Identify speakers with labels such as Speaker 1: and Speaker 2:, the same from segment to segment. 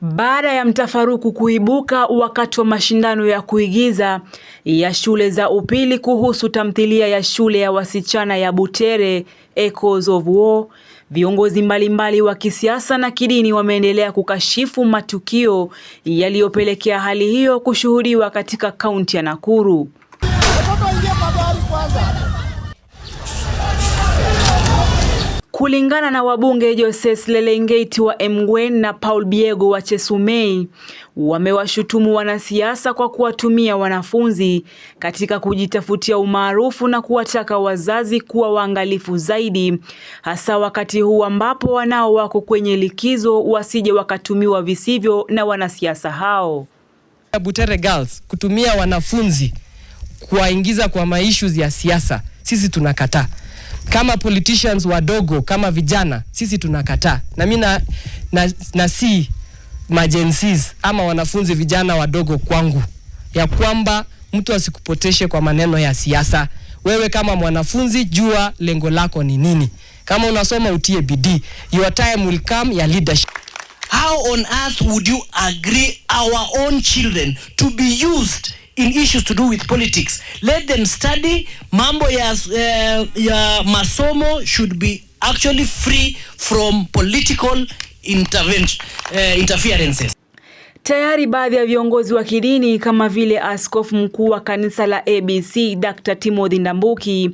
Speaker 1: Baada ya mtafaruku kuibuka wakati wa mashindano ya kuigiza ya shule za upili kuhusu tamthilia ya shule ya wasichana ya Butere Echoes of War, viongozi mbalimbali wa kisiasa na kidini wameendelea kukashifu matukio yaliyopelekea hali hiyo kushuhudiwa katika kaunti ya Nakuru. Kulingana na wabunge Joses Lelengeti wa Emgwen na Paul Biego wa Chesumei, wamewashutumu wanasiasa kwa kuwatumia wanafunzi katika kujitafutia umaarufu na kuwataka wazazi kuwa waangalifu zaidi, hasa wakati huu ambapo wanao wako kwenye likizo, wasije wakatumiwa visivyo na wanasiasa hao.
Speaker 2: Butere Girls kutumia wanafunzi kuwaingiza kwa maishu ya siasa, sisi tunakataa kama politicians wadogo kama vijana sisi tunakataa, na mi na, na, na si majensis ama wanafunzi vijana wadogo kwangu, ya kwamba mtu asikupoteshe kwa maneno ya siasa. Wewe kama mwanafunzi jua lengo lako ni nini. Kama unasoma utie bidii, your time will come ya leadership.
Speaker 3: How on earth would you agree our own children to be used in issues to do with politics. Let them study. Mambo ya, uh, ya masomo should be actually free from political uh, interferences.
Speaker 1: Tayari baadhi ya viongozi wa kidini kama vile askofu mkuu wa kanisa la ABC Dr. Timothy Ndambuki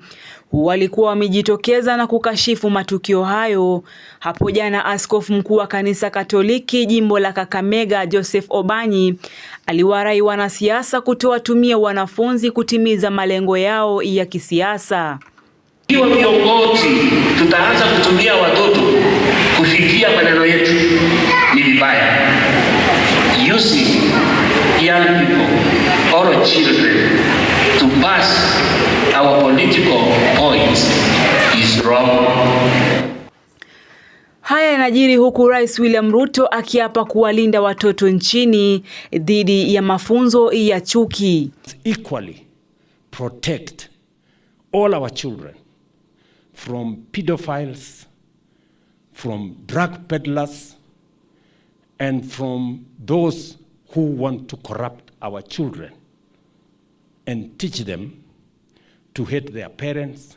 Speaker 1: walikuwa wamejitokeza na kukashifu matukio hayo. Hapo jana, askofu mkuu wa kanisa Katoliki jimbo la Kakamega Joseph Obanyi aliwarai wanasiasa kutowatumia wanafunzi kutimiza malengo yao ya kisiasa.
Speaker 4: Ikiwa viongozi tutaanza kutumia watoto kufikia maneno yetu, ni vibaya. Using young people or children to pass Our political point is wrong.
Speaker 1: Haya yanajiri huku Rais William Ruto akiapa kuwalinda watoto nchini dhidi ya mafunzo ya chuki.
Speaker 5: Equally protect all our children from pedophiles, from drug peddlers and from those who want to corrupt our children and teach them to hate their parents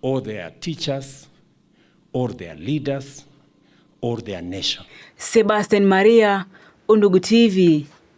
Speaker 5: or their teachers or their leaders or their nation.
Speaker 1: Sebastian Maria, Undugu TV.